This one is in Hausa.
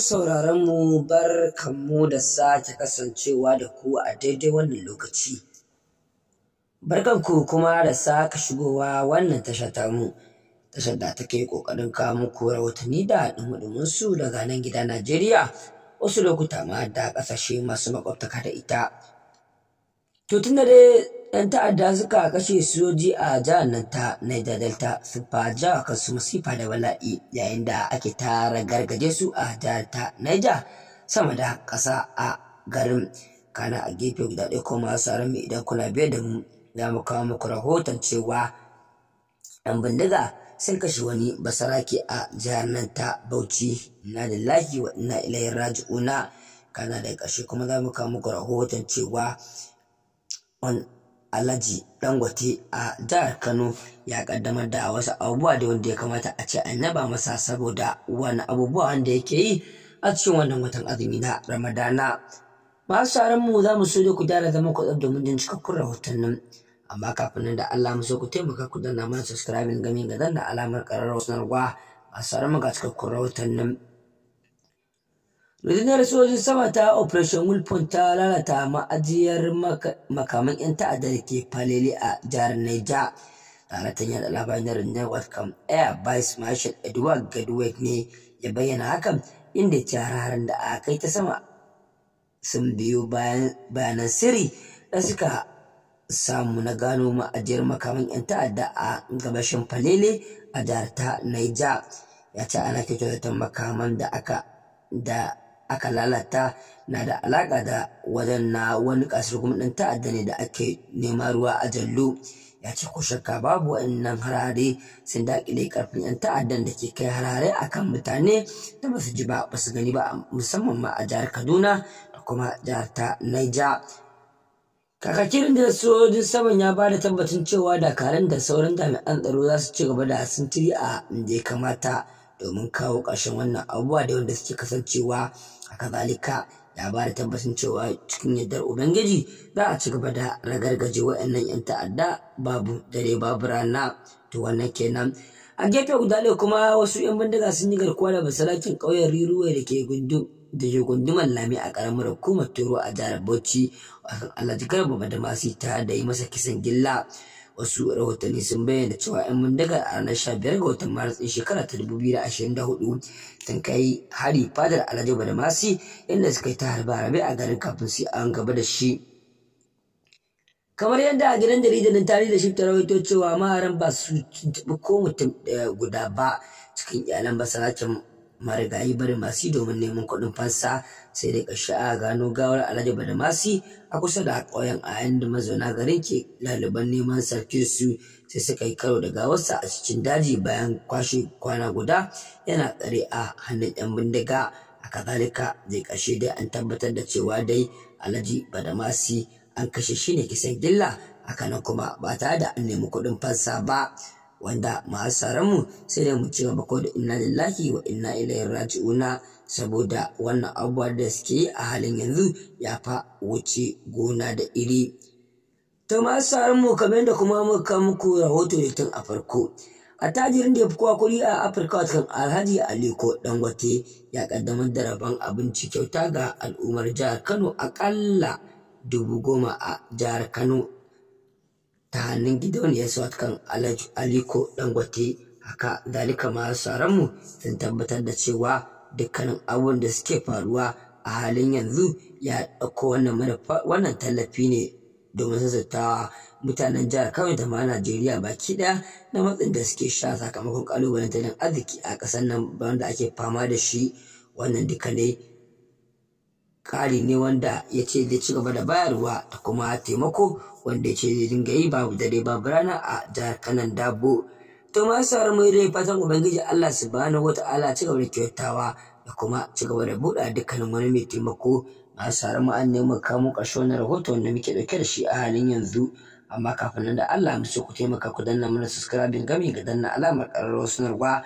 sauraron mu bar mu da sake kasancewa da ku a daidai wannan lokaci. Barkanku kuma da sake shigowa wannan tasha tamu, tashar da take ƙoƙarin kawo muku rahotanni da ɗumuɗuminsu daga nan gida Najeriya, wasu lokuta ma da ƙasashe masu makwabtaka da ita. To tun dai 'yan ta'adda suka kashe sojoji a jihar nan ta Niger Delta sun fa kansu masifa da bala'i yayin da ake tara gargaje su a jihar ta Niger sama da ƙasa a garin kana a gefe guda ɗaya kuma sauran mu idan kuna biyar da mu za mu kawo muku rahoton cewa ɗan bindiga sun kashe wani basarake a jihar nan ta Bauchi na lillahi wa inna ilaihi raji'una kana da ƙarshe kuma za mu kawo muku rahoton cewa alhaji dangote a jihar kano ya kaddamar da wasu abubuwa da wanda ya kamata a ce an yaba masa saboda wani abubuwa wanda yake yi a cikin wannan watan azumi na ramadana masu taron mu za mu so da ku dara zama ku tsab domin jin cikakkun nan, amma kafin nan da Allah mu so ku taimaka ku danna mana subscribing gamin ga danna alamar ƙararrawar sanarwa masu taron mu ga cikakkun rahotannin rundunar sojin sama ta operation wilpon ta lalata ma'ajiyar makaman 'yan ta'adda da ke falele a jihar niger rahoton yada labarai na rundunar welcome air vice marshal edward gadweg ne ya bayyana hakan inda ce har da aka kai ta sama sun biyo bayanan sirri da suka samu na gano ma'ajiyar makaman 'yan ta'adda a gabashin falele a jihar ta niger ya ce ana makaman da aka da aka lalata na da alaƙa da wajen na wani kasar gwamnatin ta'adda ne da ake nema ruwa a Jallu, ya ce ko shakka babu wa'annan harare sun daƙile karfin 'yan ta'addan da ke kai harare akan mutane da ba su ji ba ba su gani ba musamman ma a jihar kaduna da kuma jihar ta naija kakakin da sojin saman ya ba da tabbacin cewa dakarun da sauran jami'an tsaro za su ci gaba da sintiri a da ya kamata domin kawo ƙarshen wannan abubuwa da wanda suke kasancewa a kazalika ya ba da tabbacin cewa cikin yardar ubangiji za a ci gaba da ragargaje wa'annan yan ta'adda babu dare babu rana to wannan kenan a gefe guda udale kuma wasu yan bindiga sun yi garkuwa da masalakin ƙauyen riruwa da ke gundu da ke gunduman lami a karamar hukumar turo a jihar bauchi a kan alhaji garba da masu ta da yi masa kisan gilla wasu rahotanni sun bayyana cewa 'yan bindigar a ranar 15 ga watan maris din shekara ta 2024 sun kai hari fadar alhaji badamasi inda suka yi ta harba rabe a garin kafin su an gaba da shi kamar yadda a gidan jaridar tarihi da shifta, ta rawaito cewa maharan ba su tuntuɓi ko mutum guda ba cikin iyalan basarakin marigayi bari masi domin neman kuɗin fansa sai dai ƙarshe a gano gawar alhaji Badamasi masi a kusa da ƙauyen a yayin da mazauna garin ke laliban neman sarkin su sai suka yi karo da gawarsa a cikin daji bayan kwashe kwana guda yana tsare a hannun yan bindiga a kazalika zai ƙarshe dai an tabbatar da cewa dai alhaji badamasi an kashe shi ne kisan gilla hakanan kuma ba tare da an nemi kuɗin fansa ba wanda mu sai da mu ci bako da inna lillahi wa inna ilaihi raji'una saboda wannan abubuwa da suke a halin yanzu ya fa wuce gona da iri ta mu kamar da kuma muka muku rahoto da tun a farko attajirin da ya fi kowa kuɗi a afirka kan alhaji aliko dangote ya kaddamar da rabon abinci kyauta ga al'ummar jihar kano akalla dubu goma a jihar kano ta hannun gidan ya su kan Aliko Dangote haka dalika ma mu sun tabbatar da cewa dukkanin abun da suke faruwa a halin yanzu ya dauko wannan wannan tallafi ne domin sassautawa. mutanen jihar Kano da ma Najeriya baki ɗaya na matsin da suke sha sakamakon ƙalubalen tattalin arziki a ƙasar nan wanda ake fama da shi wannan duka ne kari ne wanda ya ce zai ci gaba da bayarwa da kuma taimako wanda ya ce zai dinga yi babu dare babu rana a jihar kanan dabo to ma sauran mai rai fatan ubangiji allah subhanahu wa ta'ala ci gaba da kyautawa da kuma ci gaba da buɗa dukkanin wani mai taimako ma sauran mu an nemi kamun kasho wani rahoto wanda muke ɗauke da shi a halin yanzu amma kafin nan da allah mu ce ku taimaka ku danna mana subscribing gami ga danna alamar ƙararrawar sanarwa